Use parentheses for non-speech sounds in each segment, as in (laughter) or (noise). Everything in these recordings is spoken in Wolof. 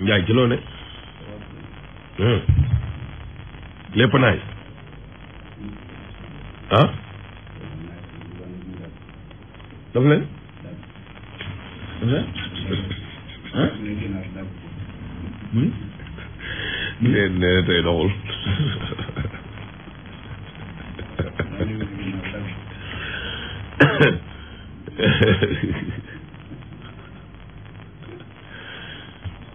Njaay ci loo ne lépp naay ah daf leen nee na tey doxul léeg-léeg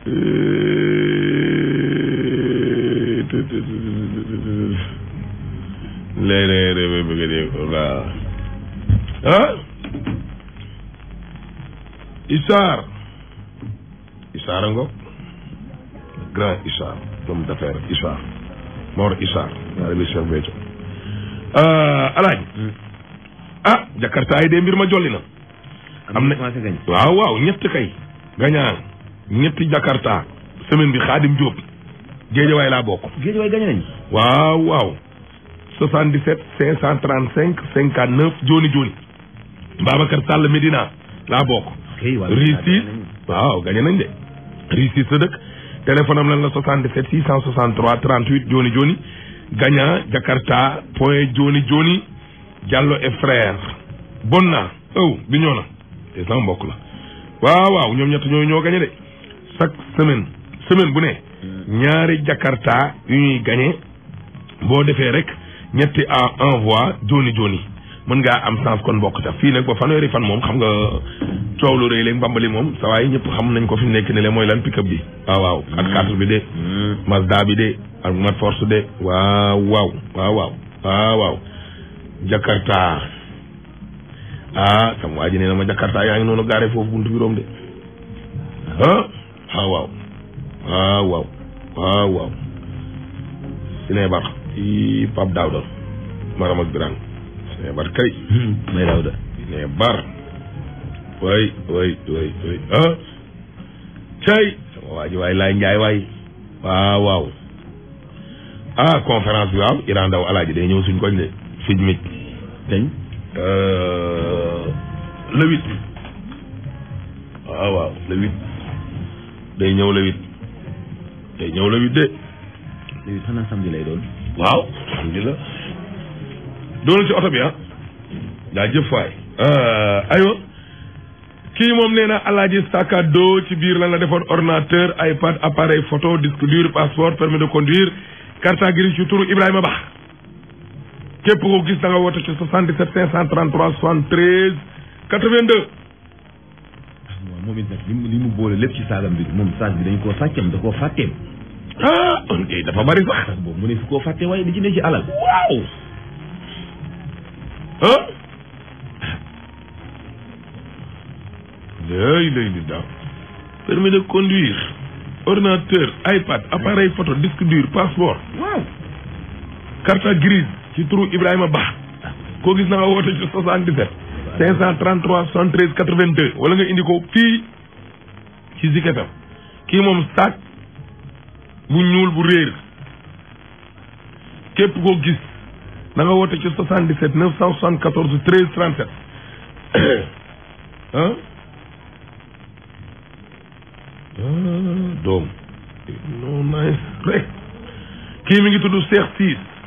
(laughs) Isaar Isaar a grand Isaar homme d'affaires Isaar Mor Isaar yaa bi Cheikh Béthio euh, alaaj ah, Jakarta ay dee mbir ma jolli na am waaw waaw ñett kay nga ñaan ñetti Jakarta semaine bi Xaadim Diop Géejawaay laa bokk. Géejawaay gañe nañ. waaw waaw. 77 535 59 jooni jooni. Babacar Sall Medina laa bokk. Risis waaw gañe nañ de. Risis sa dëkk téléphone am lan la 77 663 38 jooni jooni. Gaña Jakarta point jooni jooni Diallo et frère. Bonna. aw oh, bi ñoo na te sama mbokk la. waaw waaw ñoom ñett ñooy ñoo gañe de chaque semaine semaine bu ne ñaari jakarta yu ñuy gañe boo defee rek ñetti en envoi jooni jooni mën ngaa am chance kon bokk ca fii nag ba fanweeri fan moom xam nga coow lu rëy léegi mbambali moom sa waay ñëpp xam nañ ko fi mu nekk ne le mooy lan pick-up bi ah, waaw ak mm. quatre bi de mm. Mazda bi de ak de waaw waaw waaw waaw waaw Jakarta ah sama waa ji nee na ma jakarta yaa ngi noonu gaare foofu buntu bi room de ah ah waaw ah waaw ah waaw sine bar i Pape Daouda maram ak Birane sine bar kay (laughs) may Daouda sine bar way way way way ah cay sama waa ji njaay waay waaw ah, waaw ah conférence waaw Iran Ndaw alaaji day ñëw suñ koñ de sijmit dañ Euh, le waaw ah, waaw le day ñëw le day ñëw le huit de. le xanaa samedi lay doon. waaw samedi la doonal ci oto bi ah daa jëf waay euh, aywa kii moom nee na alaaji sakado ci biir lan la defoon ordinateur iPad appareil photo disque dur passeport permis de conduire carte grise ci turu Ibrahima Ba képp ko gis da nga woote ci 77 533 73 82. waaw moom it nag li mu li mu boole lépp ci saagam bi moom saag bi dañ koo sàccam da koo fàtteem. ah ok dafa bari sax. sax boobu mu ne fi koo fàtte waaye li ci ne ci alal. waaw. ah. léegi léegi daaw. permis de conduire. ordinateur iPad appareil photo disque dur passeport. waaw. carte grise. ci turu Ibrahima Ba koo gis na nga woote ci 77 533 73 82 wala nga indi ko fii ci Zik FM kii moom sac bu ñuul bu réer képp koo gis na nga woote ci 77 974 13 37 ah doom non nice rek kii mi ngi tudd Cheikh Ciss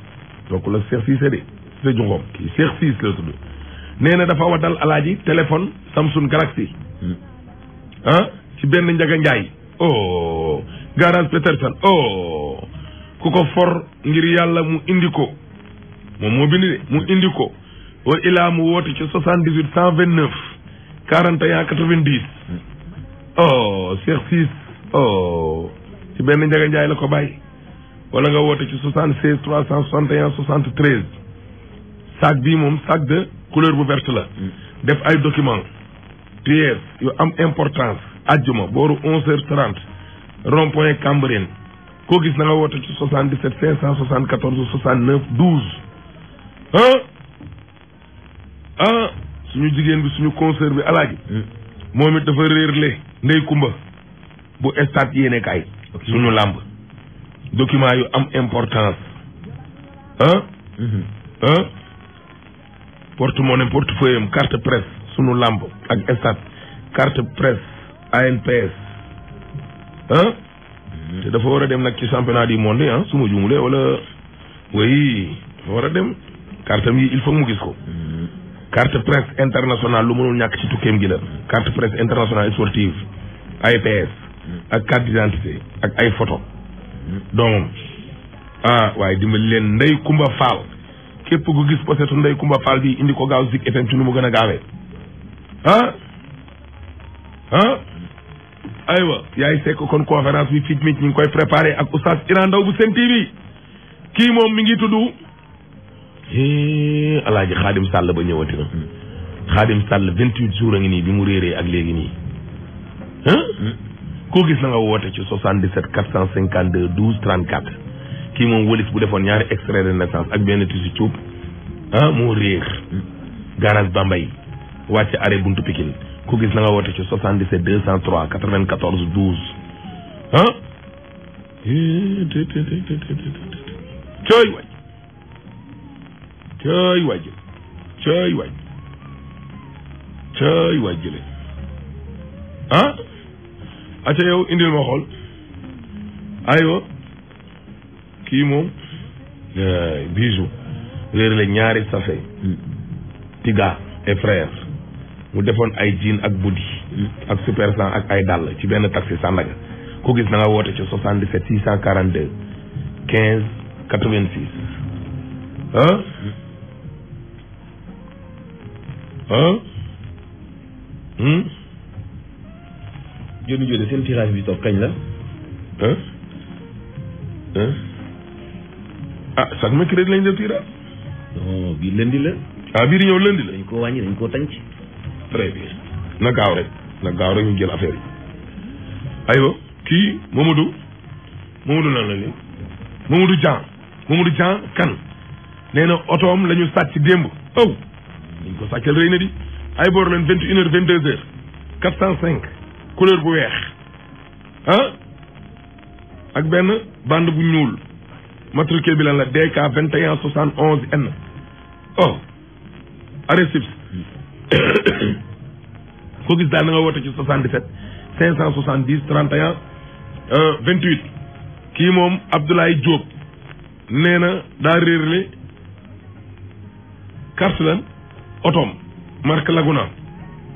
kooku la Cheikh Cissé de Cissé Diongom kii Cheikh Cissé la tudd nee na dafa watal alaaji téléphone Samsung Galaxy ah ci benn njaga njaay oh garage Peterson oh, ku ko for ngir yàlla mu indi ko moom moo bind de mu indi ko wala ilaa mu woote ci soixante dix huit cent vingt neuf quarante et un quatre vingt dix oh Cheikh Cissé oh, ci benn njaga njaay la ko bàyyi wala nga woote ci 76 361 73 sac bii moom sac de couleur bu verte la. Mm. def ay documents. pièces yu am importance. ajjuma booru 11h30 rond point Cambérène koo gis na nga woote ci 77 574 69 12. ah ah suñu jigéen bi suñu consoeur bi alaaji. Mm. moom it dafa réerle ndey kumba bu stade yéene kaay. suñu làmb. document yu am importance hein mhm. hein porte-monnaie portefeuille carte presse sunu lamb ak estat carte presse ANPS hein C'est mhm. dafa wara dem nak ci championnat du monde hein su jumulé wala oui wara dem carte am il faut mu gis ko mhm. carte presse internationale lu mënul ci tukem gi la carte presse internationale sportive ANPS ak carte d'identité ak ay photo doomam ah waaye dimbali leen Ndey Kumba Faal képp ku gis posetu Ndey Kumba Faal bi indi ko gaaw Zik FM ci nu mu gën a gaawee ah ah aywa yaay sekk kon conférence bi fit mit ñu ngi koy préparé ak oustaz Iran Ndaw bu Sen TV kii moom mi ngi tudd alaaji xaadim sàll ba ñëwati na xaadim sàll vingt-huit jours a ngi nii bi mu réeree ak léegi nii koo gis na woote ci 77 452 12 34 kii moom wëlis bu defoon ñaari extrait de ak benn tisu cuub ah moo réer garage Bambay wàcc arrêt buntu Pikine ku gis na woote ci 77 203 94 12 ah cooy waaj cooy waaj cooy waaj cooy waaj jële ah acca yow indil ma xool aywa kii moom euh, bijou réer la ñaari safe tiga et frère mu defoon ay jean ak budi ak super cent ak ay dàll ci benn taxi Sandaga ku gis na nga woote ci 77 642 15 86 ah ah Joni Joli seen tirage bi toog kañ la. ah chaque mercredi lañ def tirage. non bii lëndi la. ah bii di ñëw lëndi la. dañ koo wàññi dañ koo tànc. très bien na gaaw rek na gaaw rek ñu jël affaire yi. aywa kii Momadou Momadou lan la nii Momadou Dian Momadou Dian kan nee na otoom la ñu sàcc démb aw. Oh! dañ ko sàccal rëy na di ay boor leen vingt une heures vingt deux heures quatre cent cinq. couleur bu weex ah ak benn bande bu ñuul matricule bi lan la DK 21 71 N oh arrêté ko (coughs) gis daal na nga woote ci 77 570 31 28 kii moom Abdoulaye Diop nee na daa réerle carte lan otoom marque Laguna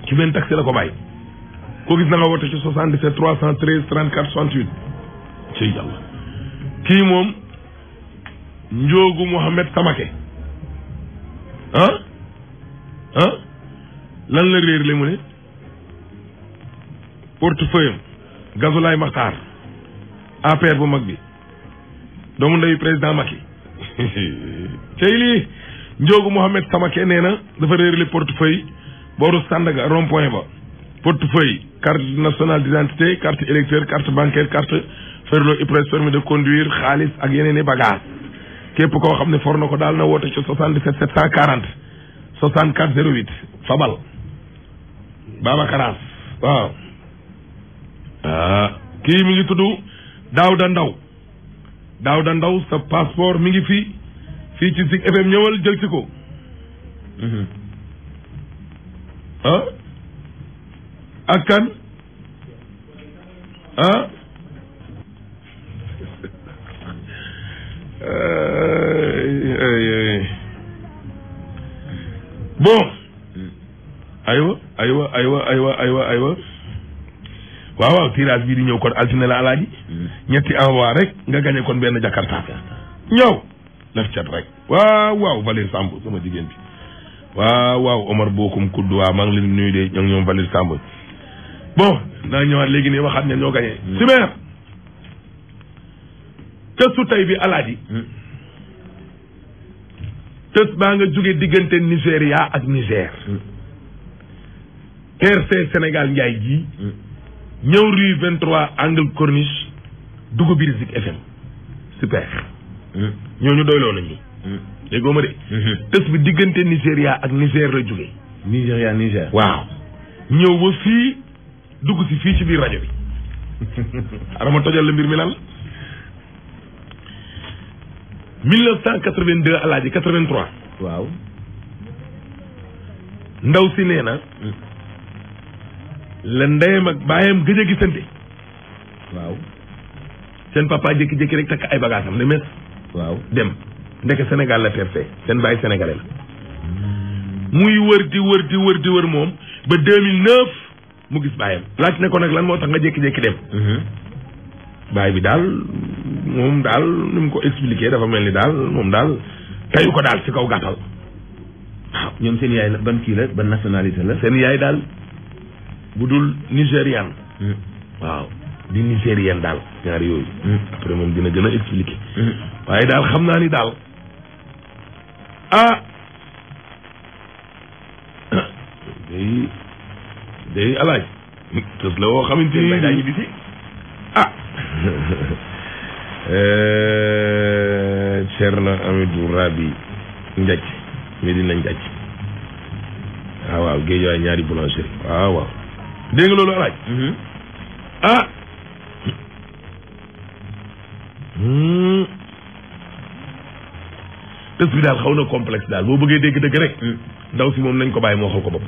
ci benn taxi la ko bàyyi koo gis na nga woote ci 77 313 34 68 ci yàlla kii moom Njoogu Mouhamed Samake ah ah lan la réer li mu ne portefeuille Gazolaay Maxtaar APR bu mag bi doomu ndeyu président Macky tey (laughs) lii Njoogu Mouhamed Samake nee na dafa réer li portefeuille booru Sandaga rond point ba portefeuille carte nationale d'identité carte électeur carte bancaire carte ferlo IPRES permis de conduire xaalis ak yeneen i bagage képp koo xam ne for na ko daal na woote ci 77 740 64 08 Fabal Babacar As waaw ah, kii mi ngi tudd da Ndaw da Ndaw sa passeport mi ngi fii fii ci Zik FM ñëwal jël ko mhm. ah? ak kan ah bon aywa aywa aywa aywa aywa aywa waaw waaw tirage bii di ñëw kon altine la alaaji mm. ñetti envoi rek nga gañe kon benn jakarta ñëw laf rek waaw waaw Valir Samb sama jigéen bi waaw waaw Omar Bokum Kuddu waaw maa ngi leen nuyu de ñoom Valir Samb bon naa ñëwaat léegi ne waxaat ne ñoo gañee mm. si meer tëstu tey bi alaaji mm. tës baa nga jóge diggante Nigéria ak Niger mm. RC Sénégal Njaay ji ñëw rue 23 angle corniche dugg biir Zik FM super ñooñu doyloo nañ ñi déggoo ma de mm-hmm. tës bi diggante Nigéria ak Niger la jóge Nigéria Niger waaw ñëw ba fii dugg si fii ci biir rajo bi adama (laughs) tojal la mbir mi lan la 1982 alaaji 83. waaw ndaw si nee na hmm. la ndeyam ak baayam gëj a gisante waaw seen papa jékki-jékki rek takk ay bagaasam ne mes waaw dem ndeke Sénégal la percé seen bàyyi sénégalais la muy wër di wër di wër di wër moom ba 2009 mu gis bàyyam laaj ne ko nag lan moo tax nga jékki-jékki dem mhm. baay bi daal moom daal ni mu ko expliqué dafa mel ni daal moom daal teyu ko daal si kaw gàttal waaw ah, ñoom seen yaay la ban kii ban nationalité la seen yaay daal bu dul nigérian mhm. waaw di nigérian daal ñaar yooyu mhm. après moom dina gën a expliqué waaye daal xam naa ni daal ah day alaaj tës la woo xamante ni daañu di si ah Cerno (laughs) eh, Amidou Rabi Ndiac Medina Ndiac ah waaw géej waay ñaari boulangerie waaw ah, waaw dégg loolu alaaj mhm. ah hmm. tës bi daal xaw na complexe daal boo bëggee dégg dëgg rek hmm. ndaw si moom lañ ko bàyyi moo xaw ko bopp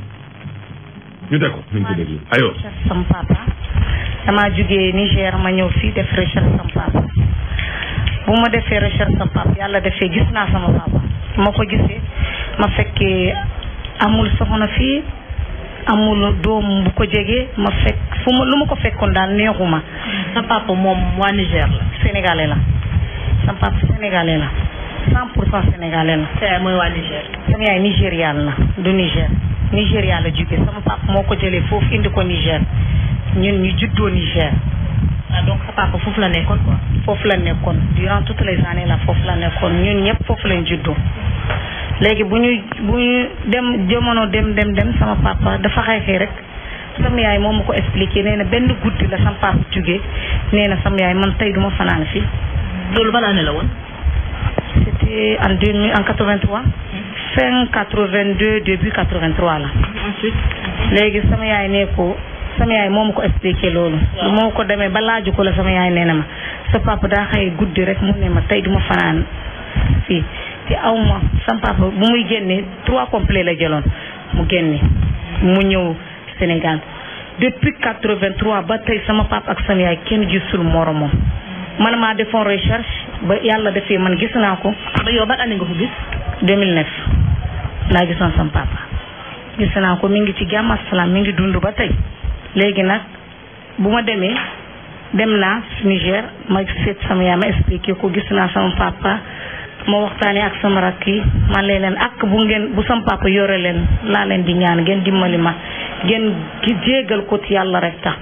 ñu teg ko ñu ko déglu aywa sama papa damaa jugee Niger ma ñëw fii def recherche sama papa bu ma defee recherche sama papa yàlla defee gis naa sama papa ma ko gisee ma fekkee amul soxna fii amul doom bu ko jege ma fekk fu ma lu ma ko fekkoon daal neexuma sa papa moom waa Niger la sénégalais la sa papa sénégalais la cent pour cent sénégalais la sa yaay mooy waa Niger sama yaay nigérian la du Niger Nigéria la jóge sama papa moo ko jëlee foofu indi ko Niger ñun ñu juddoo Niger. ah donc sa papa foofu la nekkoon quoi. foofu la nekkoon durant toutes les années la foofu la nekkoon ñun ñëpp foofu lañ juddoo léegi bu ñuy bu ñu dem jamono dem dem dem sama papa dafa xeexee rek sama yaay moom ma ko expliqué nee na benn guddi la sama papa jógee nee na sama yaay man tey duma fanaan fi loolu ban année la woon. c'était en deux mille en quatre-vingt-trois. Hmm. vingt fin 82 début 83 la. léegi sama yaay ne ko sama yaay moo ma ko expliqué loolu. waaw moo ko demee ba laaju ko la sama yaay nee na ma sa papa daa xëy guddi rek mu ne ma tey duma fanaan fii te aw ma sama papa bu muy génne trois complets la jëloon mu génne mu ñëw Sénégal depuis 83 ba tey sama papa ak sama yaay kenn gisul moromam. man maa defoon recherche ba yàlla defee man gis naa ko. yow ban année nga ko 2009 laa gisoon sama papa gis naa ko mi ngi ci jàmm ak salaam mi ngi dund ba tey léegi nag bu ma demee dem naa Niger ma seet sama yaay ma expliqué ko gis naa sama papa ma waxtaanee ak sama rakk yi man lay leen ak bu ngeen bu sama papa yore leen laa leen di ñaan ngeen dimbali ma ngeen jéegal ko ci yàlla rek tax.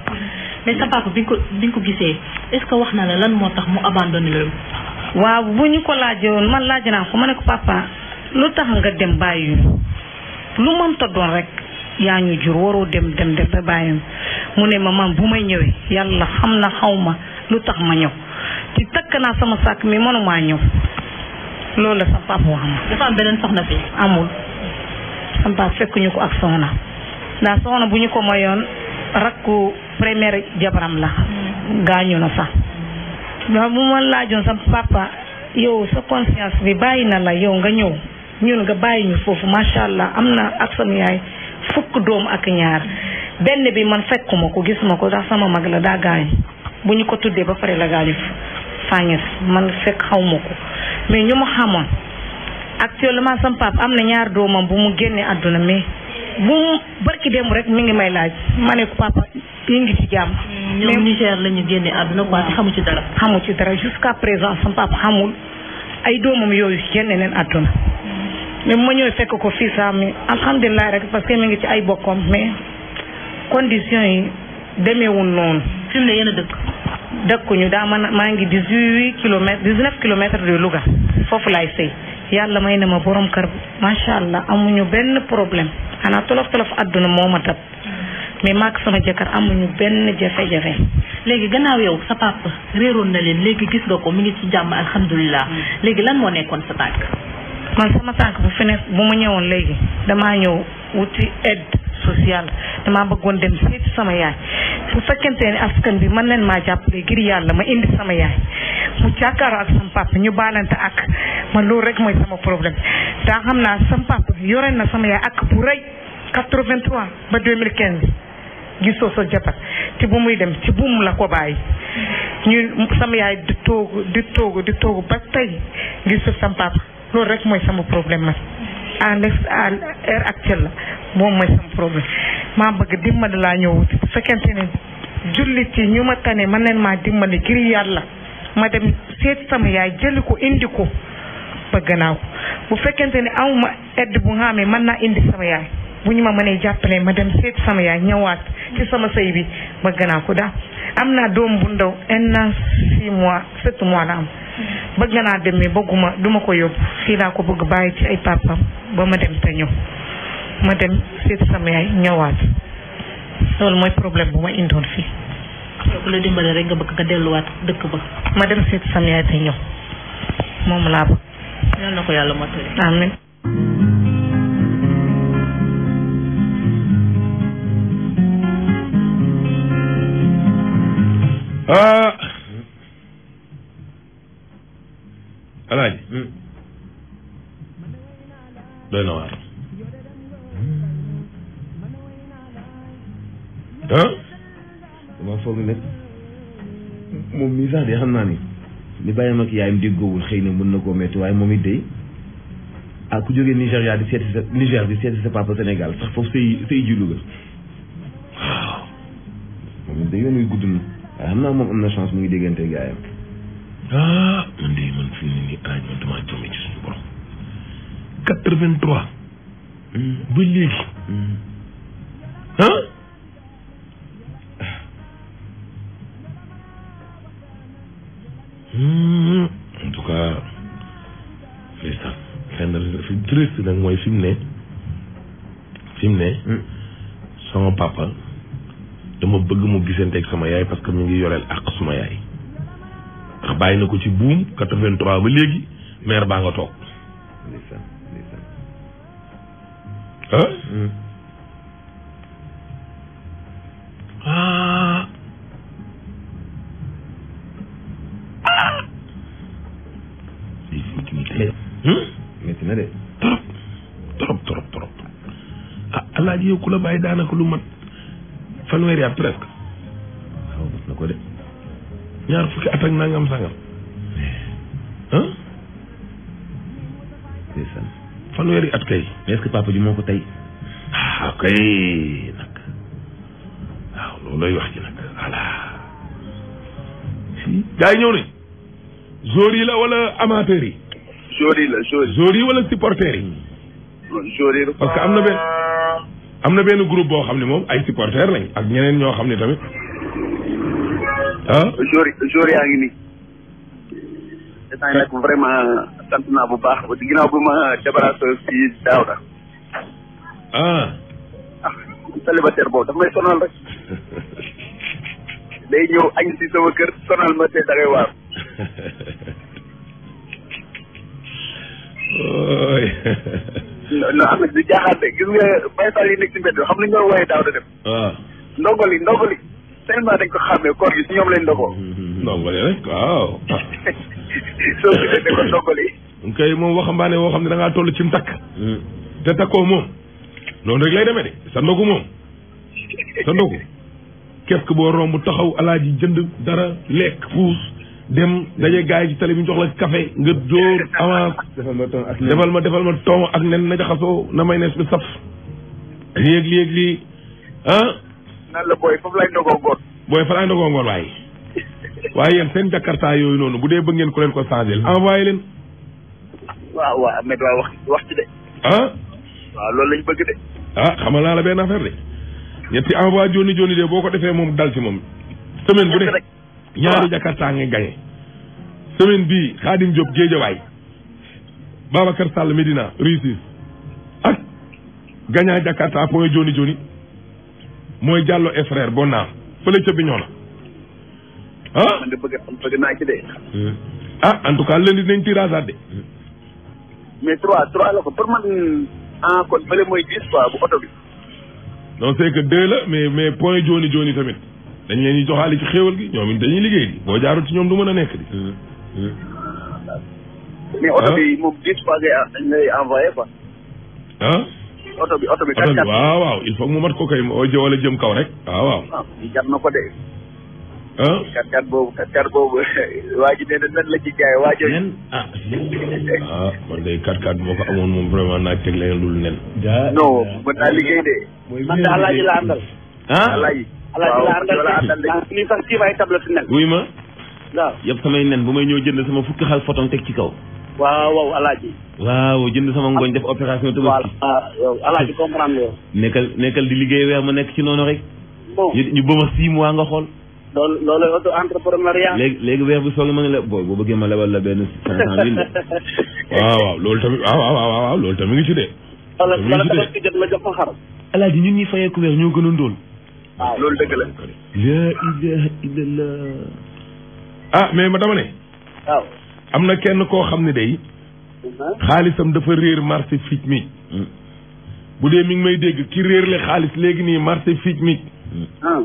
mais sa papa bi nga ko bi nga ko gisee est-ce que wax na la lan moo tax mu abandonné loolu. waaw bu ñu ko laajoon man laaj naa ko ma ne ko lu tax nga dem bàyyi lu mënta doon rek yaa ñu jur waroo dem dem dem ba bàyyi mu ne ma man bu may ñëwee yàlla xam na xaw ma lu tax ma ñëw ci takk naa sama sàkk mi mënumaa ñëw loolu la sa papa wax ma dafa am beneen soxna fi amul sama papa fekkuñu ko ak soxna ndax soxna bu ñu ko mayoon rakku première jabaram la gaañu na sax ndax bu ma laajoon sa papa yow sa conscience bi bàyyi na la yow nga ñëw ñun nga bàyyi ñu foofu macha allah am na ak sama yaay fukk doom ak ñaar benn bi man fekkuma ko gis ma ko ndax sama mag la daa gaañ bu ñu ko tuddee ba pare la gaalif sàññes man fekk xawma ko mais ñu ma xamoon actuellement sama papa am na ñaar doomam bu mu génnee àdduna mais bu mu barki démb rek mi ngi may laaj ma ne ko papa yi ngi ci jàmm. Mm, ñoom Niger la ñu génne àdduna quoi xamu ci dara. xamu ci dara jusqu'à présent sama pap xamul ay doomam yooyu génne leen àdduna. mais bu ma ñëwee fekk ko fii saa mi alhamdulilah rek parce que mi ngi ci ay bokkoom mais condition yi demeewul noonu. fi mu ne yéen dëkk. dëkkuñu daa man maa ngi dix huit kilomètres dix neuf kilomètres de Louga foofu laay sëy yàlla may na ma borom kër macha allah amuñu benn problème xanaa tolof tolof àdduna moom ma dab mais maak sama jëkkër amuñu benn jafe-jafe. léegi gannaaw yow sa papa réeroon na leen léegi gis nga ko mu ngi ci jàmm alhamdulilah mm. léegi lan moo nekkoon sa tànk. man sama tànk bu feneen bu ma ñëwoon léegi damaa ñëw wuti aide sociale damaa bëggoon dem seeti sama yaay bu fekkente ne askan bi mën leen maa jàppale ngir yàlla ma indi sama yaay mu jàkkaaroo ak sama papa ñu baalante ak ma loolu rek mooy sama problème daa xam naa sama papa yore na sama yaay ak bu rëy 83 ba 2015 gisoo sa jabar ci bu muy dem ci buum la ko bàyyi ñu sama yaay di toogu di toogu di toogu ba tey gisoo sama loolu rek mooy sama problème man à l' à l'heure actuelle la moom mooy sama problème maa bëgg dimbali laa ñëw wuti bu fekkente ne jullit yi ñu ma tane man leen maa dimbali ngir yàlla ma dem seet sama yaay jëli ko indi ko bëgg naa ko bu fekkente ne amuma aide bu nga xamee mën naa indi sama yaay bu ñu ma mënee jàppale ma dem seet sama yaay ñëwaat ci sama sëy bi bëgg naa ko daal am naa doom bu ndaw un an six mois sept mois la am bëgg naa dem mais bëgguma duma ko yo fii laa ko bëgg bàyyi ci ay papam ba ma dem te ñëw ma dem seet sama yaay ñëwaat loolu mooy problème bu ma indoon fii. ku la dimbale rek nga bëgg nga delluwaat dëkk ba. te ñëw moom laa bëgg. alaaji doy na waar ah dama foog ne moom mii sax de xam naa ni li bàyyam ak yaayam déggoowul xëy na mën na koo metti waaye moom it day ah ku jógee Nigéria di seeti sa Niger di seeti sa papa Sénégal sax foofu say say ji Louga waaw moom it day yoon wi gudd na waaye xam naa moom am na chance mu ngi déggante ak yaayam ah man de man fii nii nii alaaj man damaa jëmee ci suñu borom. quatre vingt trois. Hmm. ba léegi. ah. en tout cas. ndeysaan xëy na fi triste nag mooy fi mu ne. fi mu ne. sama papa dama bëgg mu gisanteeg sama yaay parce que mi ngi yoreel ak suma yaay. bàyyi na ko ci buum 83 ba léegi maire baa nga toog. Hmm. ah. métti hmm? na de. trop trop trop trop ah alaaji yow la bàyyi daanaka lu mat fanweeri at presque. ñaar fukki at ak nangam sangam ah. ndeysaan. fanweeri at kay. mais est que papa ji moo ko tey. ah kay nag waaw ah, loolu lay wax ci nag voilà. gars yi ñëw nañ. joueurs la wala amateurs yi. joueurs yi la joueurs yi wala supporters yi. joueurs yi parce que am na benn am na benn groupe boo xam ne moom ay supporters lañ ak ñeneen ñoo xam ne tamit. ah jour jour yaa ngi nii. dinañ nag vraiment sant naa bu baax ginnaaw bu ma débarrassé si daaw la. ah. ah célibataire boobu daf may day ñëw añ si sama kër sonal ma te da ngay waar. ooy. non am na du jaaxaate gis nga baykat yi nekk si mbedd xam ah. li nga wooyee daaw da dem. waaw ndongoli tellement dañ ko xàmmee koor gi si ñoom lañ ndogoo. ndogale rek waaw. (laughs) kay moom waxambaane woo xam ne da ngaa ci mu takk. te takkoo moom. noonu rek lay demee de sa ndogu moom sa ndogu képp boo romb taxaw alaaji jënd dara lekk puus dem daje gaay yi ci tali bi ñu jox la café nga dóor avance. defal ma defal ma toom ak nen na jaxasoo na may nees saf. léeg-léeg lii ah? nan la booy foofu lay ndogoo ngoon. booy fa laay ndogoo ngoon waaye. waaye yéen seen jakarta yooyu noonu bu dee bëgg ngeen ku leen ko changé envoyé leen. waaw waa Ahmed waaw wax wax ci de. ah. waaw loolu lañ bëgg de. ah xamal a la benn affaire de. ñetti envoyé joni joni de boo ko defee moom dal ci moom. semaine bu ne ñaari jakarta ngay gañe. semaine bii Khadim Diop Géejawaay. Babacar Sall Medina réussir ak gagnant Jakarta point joni joni mooy Diallo et frère bon naa fële ca bi ñoo na ah. man de bëgg eh. ah, en tout cas lundi nañ tirage de. mais trois trois la ko pour man ah kon bële mooy dix fois bu oto bi. non c'est que la mais mais point jooni jooni tamit dañ leen di joxaale ci xéewal gi ñoom it dañuy liggéey di boo jaarul ci ñoom du mën a nekk di. Eh, eh. mais oto bi moom dix fois ngay envoyé quoi. ah. oto bi oto bi. oto bi waaw waaw il faut mu mat ko kay wala jëm kaw rek waaw waaw. ah kat boobu kat kat (laughs) la ci jaay ah. Ah, de kat kat moo ko amoon moom vraiment naaj teg leneen lu nen. jaa non mën naa liggéey la àndal. ah alaaji. alaaji la àndal la àndal de ah, nii sax ci ay tablette nen. wuy ma. yëpp samay nen bu may ñëw jënd sama fukki xal photon teg ci kaw. waaw waaw alaaji waaw jënd sama ngooñ def opération tabaski ah, yow alaaji comprendre yow nekkal nekkal di liggéey weer ma nekk ci noonu rek bon ñu bëma six mois nga xool loolu loolu auto entrepreneuriat léegi léegi weer bu soog ma ne la booy boo bëggee ma lebal la benn cinq cent mille (laughs) waaw waaw loolu tamit waaw waaw waaw loolu tamit mi ngi ci de wala wala tabaski jot ma jox ko xar alaaji ñun ñuy fayeeku weer ñoo gën a ndóol waaw loolu dëgg la la ilaha ah mais ma dama ne am na kenn koo xam ne day mhm. xaalisam dafa réer marché fiit mi mhm. bu dee mi ngi may dégg ki réer xaalis léegi nii marché fic mi ah.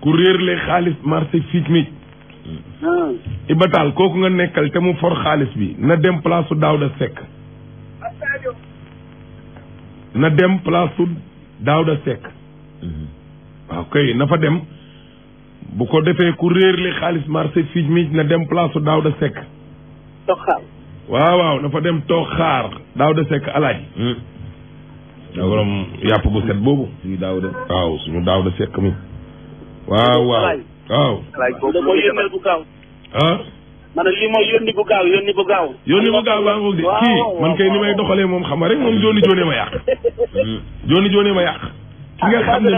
ku réerle xaalis marché fiit mi ah. ibataal kooku nga nekkal te mu for xaalis bi na dem place su Daawda Sekk na dem place su Daawda Sekk mhm. waaw kay na fa dem bu ko defee ku réer li xaalis marché fii mi na dem place su Daouda Seck. toog xaar. waaw waaw na fa dem toog xaar. Daouda Seck alaaj. Hmm. da borom yàpp bu set boobu. suñu Daouda waaw suñu Daouda Seck mi. waaw waaw waaw. alaaj boobu mooy yónnee bu gaaw. ah. ma ne lii mooy yónni bu gaaw yónni bu gaaw. yónni bu gaaw baa ngoog de kii man kay ni may doxalee moom xam nga rek moom jooni (laughs) jooni ma yàq. jooni hmm. jooni ma yàq. ki nga xam ne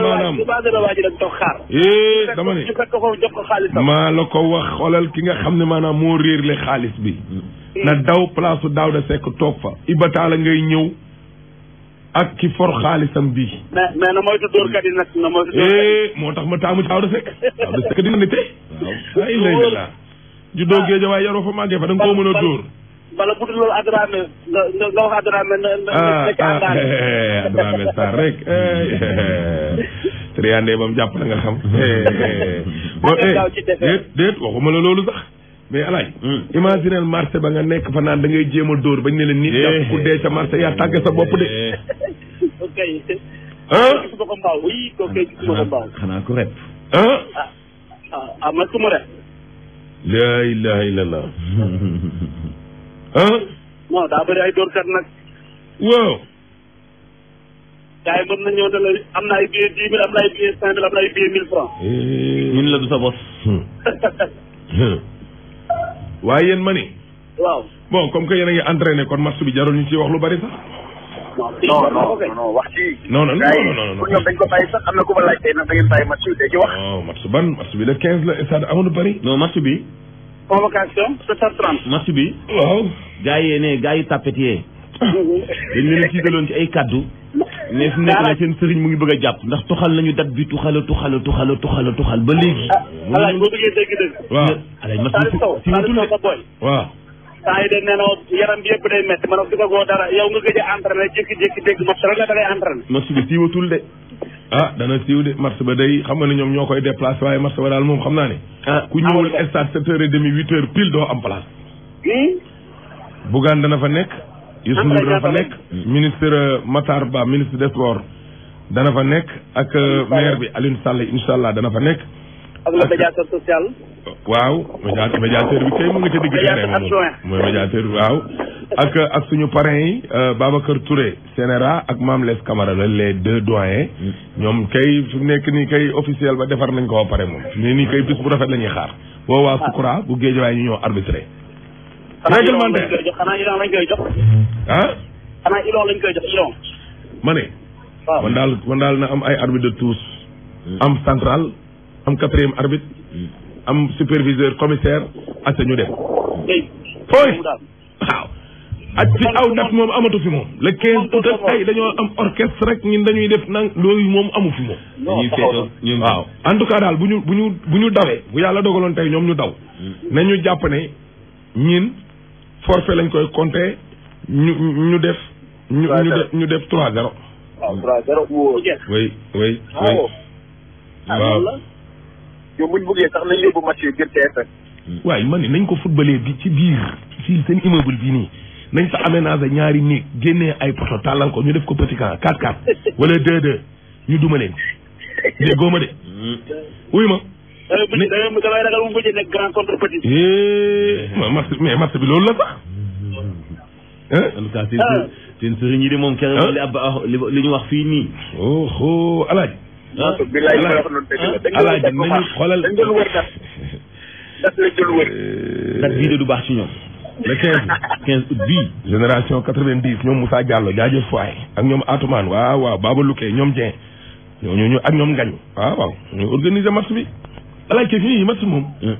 eh, dama ne maa la ko wax xoolal ki nga xam ne maanaam moo réer le xaalis bi eh. na daw place daaw da sekk toog fa ibataa la ngay ñëw ak ki for xaalisam bi na eh, moo tax ma taamu daaw da sekk daaw da sekk dina waaw (laughs) ay ah. géej waaye yaroo fa màggee fa da koo mën a dóor wala bu dul loolu Adramé nga nga wax Adramé. ah ah eh, eh, Adramé Sarr rek. Eh, Triandé moom jàpp na nga xam. (laughs) boo déet déet waxuma la loolu sax. mais alaaj hmm. imaginel marché ba nga nekk fa naan da ngay jéem a dóor bañ ne leen nit jàpp ku dee ca marché yaa tàgge sa bopp de. (laughs) ok. Ah. xanaa ko rep. ah. ah ah, ah man su ma rep. laa ilaha (laughs) ah. non daa bëri ay dóorkat nag. waaw. gars yi na ñëw ne la am na ay billets dix mille am na ay billets am na ay billets mille francs. Eh, ñu ne la du sa bos. Hmm. (laughs) Hmm. waaye yéen ma ni. waaw bon comme que yéen a ngi entraîné kon match jarul ñu ciy wax lu bari sax. non non non wax ci. non non non non ñoom dañ ko bàyyi sax am na ku ma laaj de ci wax. non oh, match ban match bi le quinze la stade bari. non match bi. convocation 7h30. match bi. waaw. gaa yi ne gaa yi tàppet yee. (laughs) dañ leen a tiitaloon ci ay kaddu. ne fi nekk na seen sëriñ mu ngi bëgg a jàpp ndax tuxal nañu dat bi tuxal tuxal tuxal tuxal tuxal ba léegi. Ah, alaay boo bëggee dégg dégg. waaw alaay mas. Salif Sow Salif Sow sa boy waaw. temps yi dañ ne noo yaram bi yëpp day métti ma ne ko defagoo dara yow nga gëj a entraîné jékki-jékki dégg match rek nga da ngay entraîné. match bi siiwatul de. ah dana siiw de match ba day xam nga ne ñoom ñoo koy déplacé waaye match ba daal moom xam naa ne. ah ku ñëwul stade sept heures et demi huit heures pile doo am place. Hmm? Bougane dana fa nekk. Youssou Ndour dana fa nekk. ministre euh, Matar Ba ministre des sports dana fa nekk ak euh, maire bi Alioune Sall incha allah dana fa nekk. ak le waaw médiateur bi kay mu ngi ca digg terrain mooy médiateur bi waaw ak ak suñu parrains yi kër euh, toure sénéra ak maam Less Camara la les deux doyen ñoom kay fi nekk nii kay officiel ba defar nañ ko ba pare moom nii nii kay bis bu rafet la ñuy xaar woo waa Sukura bu Géejawaay ñu ñëw arbitré réglementaire xanaa ah? ilon ma ne man daal man daal na am ay arbitre de tous hmm. am central am quatrième arbitre hmm. am superviseur commissaire aca ñu def point waaw ak ci aw dat moom amatu fi moom le quinze août ak dañoo am orchestre rek ñun dañuy def nang loolu moom amu fi moom waaw en tout cas daal bu ñu bu ñu bu ñu dawee bu yàlla dogaloon tey ñoom ñu daw mm. nañu ñu ne ñin forfait lañ koy compter ñu ñu def ñu def ñu def trois zéro waaw ñoom buñ bëggee sax nañ yóbbu match yi waaye man nañ ko footballé bi ci biir si seen immeuble bii nii nañ fa aménagé ñaari néeg génnee ay poto tàllal ñu def ko petit camp 4 4 wala ñu duma leen dé ma de wuyu ma damay euh, mais euh, eh, match bi loolu la sax en tout cas euh. seen sëriñ yi de moom keroog li ab li ñu wax fii nii oh, oh alaaj ah, ah alaaji nañu xoolal dañ doon la jël wër. dat bii de du baax ci ñoom. la quinze quinze août génération quatre vingt dix ñoom Moussa Diallo jaajëf Faye ak ñoom Atoumane waaw waaw Baba Louké ñoom Dieng ñooñu ñu ak ñoom Ngañ. waaw waaw ñu organiser match bi. alaaji kii fii match moom. Eh.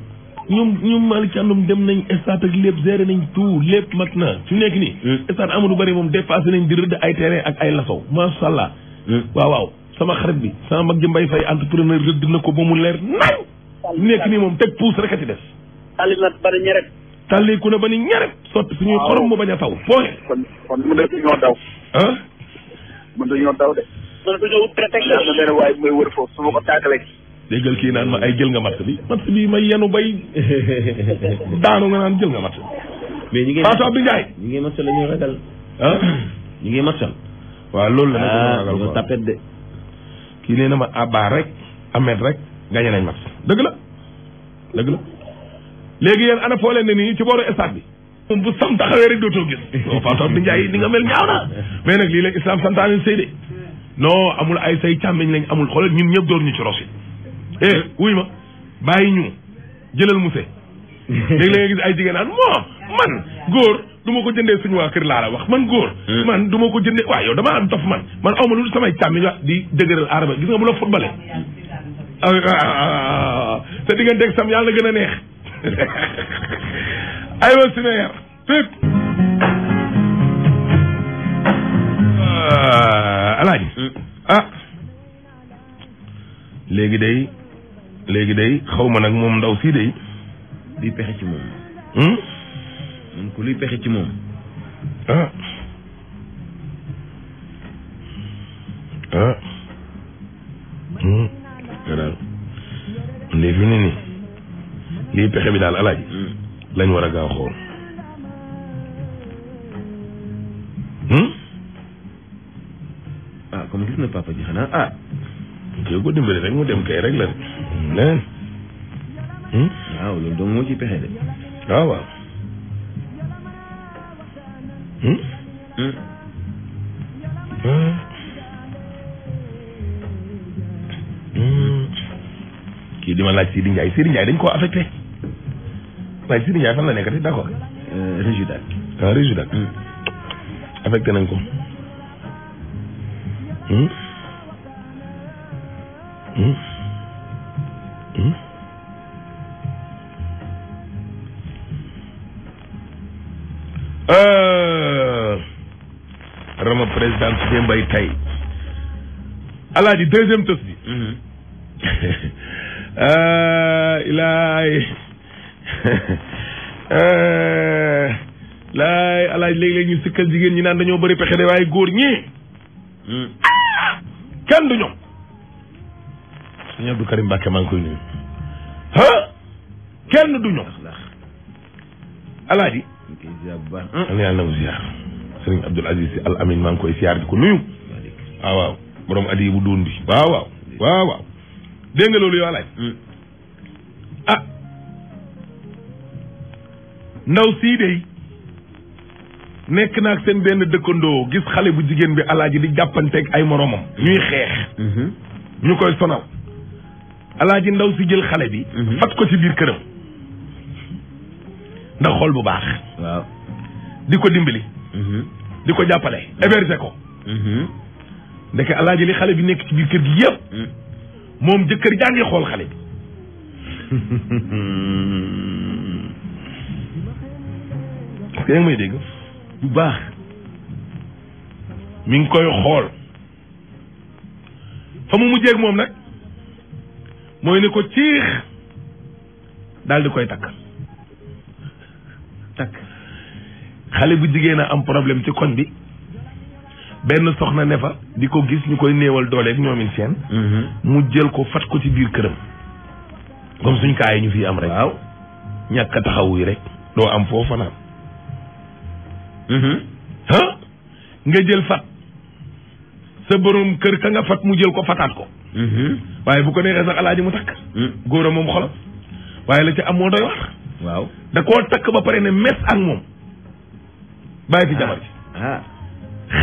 ñoom ñoom Malick Thiandoum dem nañ stade ak lépp géré nañ tout lépp mat na su nekk nii. Eh. ama Amadou Barry moom dépassé nañ di rëdd ay terrain ak ay lasaw macha allah. Eh. waaw waaw. sama xarit bi sama mag ji mbay fay entrepreneur rëdd na ko ba mu leer nañ nekk nii moom teg puus rek a ci des tàlli na ba ni ñeret tàlliku na ba ni ñeret sotti suñuy xorom mu bañ a taw fooge kon kon mën dañoo daw ah dañoo daw de mën dañoo wut prétexte na benn waaye bu may wër foofu su ma ko tàggalee déggal kii naan ma ay jël nga matt bi matt bi may yenu bay (laughs) daanu nga naan jël nga matt mais ñu ngi Fatou Abdou Ndiaye ñi ngi matt la ñuy ragal ngi mattal waaw loolu la nag ah, ragal tapet de kii nee na ma abbaar ah, rek amet rek gañe nañ match dëgg la dëgg la léegi yéen ana foo leen ne nii ci booru stade bi moom bu sam taxawee rek dootoo gis Fatou di Ndiaye ni nga mel ñaaw na mais nag lii la islam santaane sëy de noo amul ay say càmmiñ lañ amul xoolal ñun ñëpp door ñu ci rosi eh wuy ma bàyyi ñu jëlal muse léegi la ay jigéen naan moo man góor du ma ko jëndee suñu waa kër laa la wax man góor hmm. man duma ko jëndee waaw yow damaa am dof man man aw ma lu samay càmmiñ wax di dëgëral a gis nga bu la footballé ah, ah, ah, te diggante ak sam yàlla na gën a neex (laughs) aywa sineer fépp alaaji hmm. ah léegi day léegi day xaw ma nag moom ndaw sii day di pexe ci moom hmm? mun luy pexe ci moom ah ah hmm. nga daal man de fi mu pexe bi daal alaaji lañ war a gaaw xool hmm? ah comme gis na papa ji xanaa ah kii ko dimbali rek mu dem kay rek la de hmm, leneen waaw loolu doom moo ci pexe de ah, waaw waaw Hmm? Hmm? Hmm. kii di ma laaj Sidi Ndiaye ay Ndiaye dañ koo affecté laaj Sidi Ndiaye fan la nekkati d'accord. Euh, Régidac. ah Régidac. affecté nañ ko. commencé mbay tey alaaji deuxième tës bi mhm. (laughs) euh, ilaay (laughs) euh, laay alaaji ñu sikkal jigéen ñi naan dañoo bëri pexe de waaye góor ñi mhm. kenn du ñoom sëñ Abdou Karim Mbacke maa koy nuyu ah kenn du ñoom alaaji am hmm. yàlla na mu ziar sëriñ Abdoul Aziz al amin maa ngi koy siyaar di ko nuyu. waaw waaw borom addi bu doon bi waaw waaw. waaw waaw dégg nga loolu yow laaj hmm. ah ndaw sii de nekk naag seen benn dëkkandoo gis xale bu jigéen bi alaaji di jàppanteeg ay moroomam ñuy hmm. xeex. Hmm. ñu koy sonal. alaaji ndaw si jël xale bi. fat ko ci biir këram. ndax xol bu baax. waaw di ko dimbali. Mhm. di ko jàppale héberger ko mhm. ndeke alaaji li xale bi nekk ci biir kër gi yëpp mm. moom jëkkër jaa ngi xool xale bi parce (laughs) may dégg bu baax mu ngi koy xool fa mu mujjee moom nag mooy ne ko ciix daal di koy takk takk xale bu jigéen a am problème ci koñ bi benn soxna ne fa di ko gis ñu koy néewal dooleek ñoomi seen mhm. mu jël ko fat ko ci biir këram comme suñ kaa yi ñu fi am rek waaw ñàkk a taxawuy rek doo am foofu fanaan ah nga jël fat sa boroom kër ka nga fat mu jël ko fataat ko mhm. waaye bu ko neexee sax alaaji mu takk mm. góor a moom xolam waaye la ci am moo doy wax waaw da koo takk ba pare ne mes ak moom bàyyi fi jabar ji ah. Ah.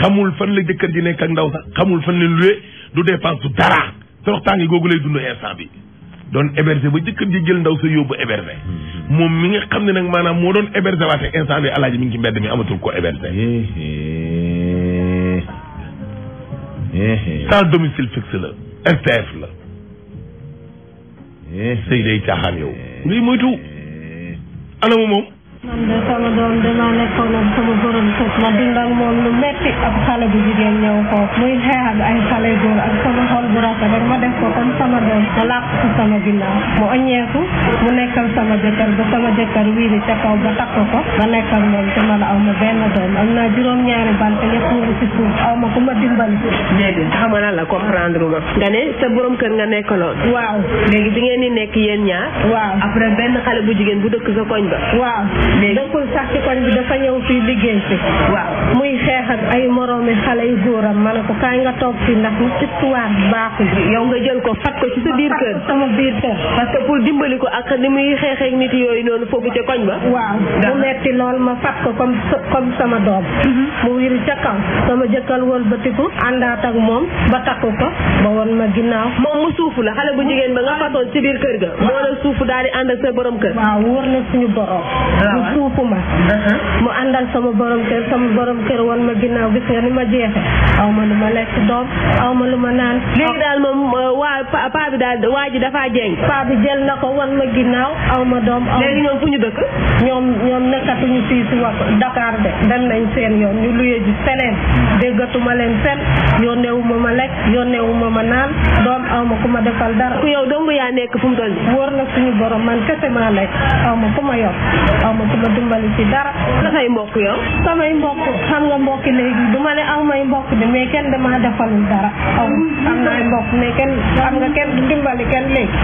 xamul fan la jëkkër ji nekk ak ndaw sax xamul fan la luwe du dépense du dara toroxtaange googu lay dund instant bi doon héberger ba jëkkër ji jël ndaw sa yóbbu héberger hmm. moom mi nga xam ne nag maanaam moo doon héberger waate instant bi alaaji mu ngi ci mbedd mi amatul ko héberger eh, eh. Eh, sans domicile fixe la STF la sëy day caaxaan yow lii moytu anamu moom man de sama doom damaa nekkoon ak sama borom kër ma dund moom lu metti ab xale bu jigéen ñëw ko muy xeex ak ay xale góor ak sama xol bu rafet ma def ko comme sama doom ma làq ko sama ginnaaw mu oññeeku mu nekkal sama jëkkër ba sama jëkkër wiiri ca kaw ba takk ko ma nekkal moom te man aw ma benn am naa juróom-ñaari bant lépp mu ngi ci ma ku ma dimbali. léegi xam nga la comprendre nga. nga ne sa borom kër nga nekkaloon. waaw léegi bi ngeen di nekk yéen ñaar. waaw après benn xale bu jigéen bu dëkk sa koñ dëppul sax ci koñ bi dafa ñëw fii liggéey si waaw muy xeex ak ay moroomi xale yu góoram ma ne ko kaay nga toog fii ndax histoire baaxul yow nga jël ko fat ko ci sa biir kër sama biir kër parce dimbali ko ak ni muy xeexeek nit yooyu noonu foofu ca koñ ba waaw mu metti lool ma fat ko comme comme sama doom mm-hmm. mu wiri ca kaw sama jëkkal wëlbatiku àndaat ak moom ba takku ko ba woon ma ginnaaw moom mu suufu la xale bu jigéen ba nga fatoon ci biir kër ga moo la suufu daal di ànd ak sa borom kër waaw wóor na ci suufuma uh-huh. mu àndal sama borom kër sama borom kër wan ma ginnaaw gis nga ni ma jeexe aw ma lu ma lekk doom aw ma lu ma naan léegi daal moom euh, waa paa bi daal waa ji dafaa jeeñ paa bi jël na ko wan ma ginnaaw aw ma doom aw léegi dëkk ñoom ñoom nekkatuñu fii si wax Dakar de dem nañ yoon ñu luyee ji feneen leen fen yónneewuma ma lekk yónneewuma ma naan doom aw ma ku ma defal dara ku yow dong yaa nekk fu mu toll wóor na suñu borom man kese maa lekk aw ku ma yor aw du ma dimbali ci dara. sa say mbokk yow. samay mbokk xam nga mbokk léegi du ma ne aw may mbokk de mais kenn damaa defalul dara. aw am naay mbokk mais kenn xam nga kenn du dimbali kenn léegi.